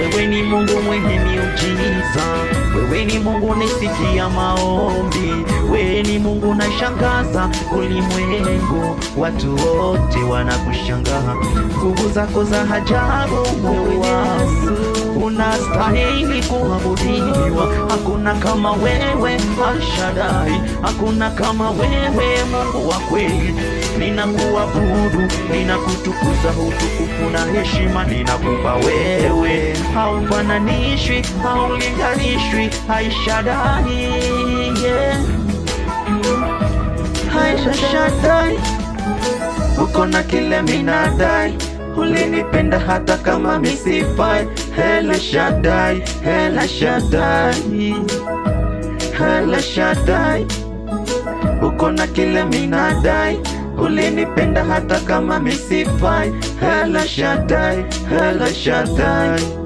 Wewe ni Mungu mwenye miujiza, wewe ni Mungu nisikia maombi, wewe ni Mungu nashangaza ulimwengu, watu wote wanakushangaa, nguvu zako za ajabu, Mungu wangu unastahili kuabudu hakuna kama wewe Alshadai, hakuna kama wewe Mungu wa kweli. Ninakuabudu, ninakutukuza, utukufu na heshima ninakupa wewe. Haufananishwi, haulinganishwi, Aishadai, yeah. Aishashadai, uko na kile minadai ulinipenda hata kama misipai. Hela shadai Hela shadai Hela Shadai, uko na kile minadai ulinipenda hata kama misifai. Hela Shadai, Hela Shadai.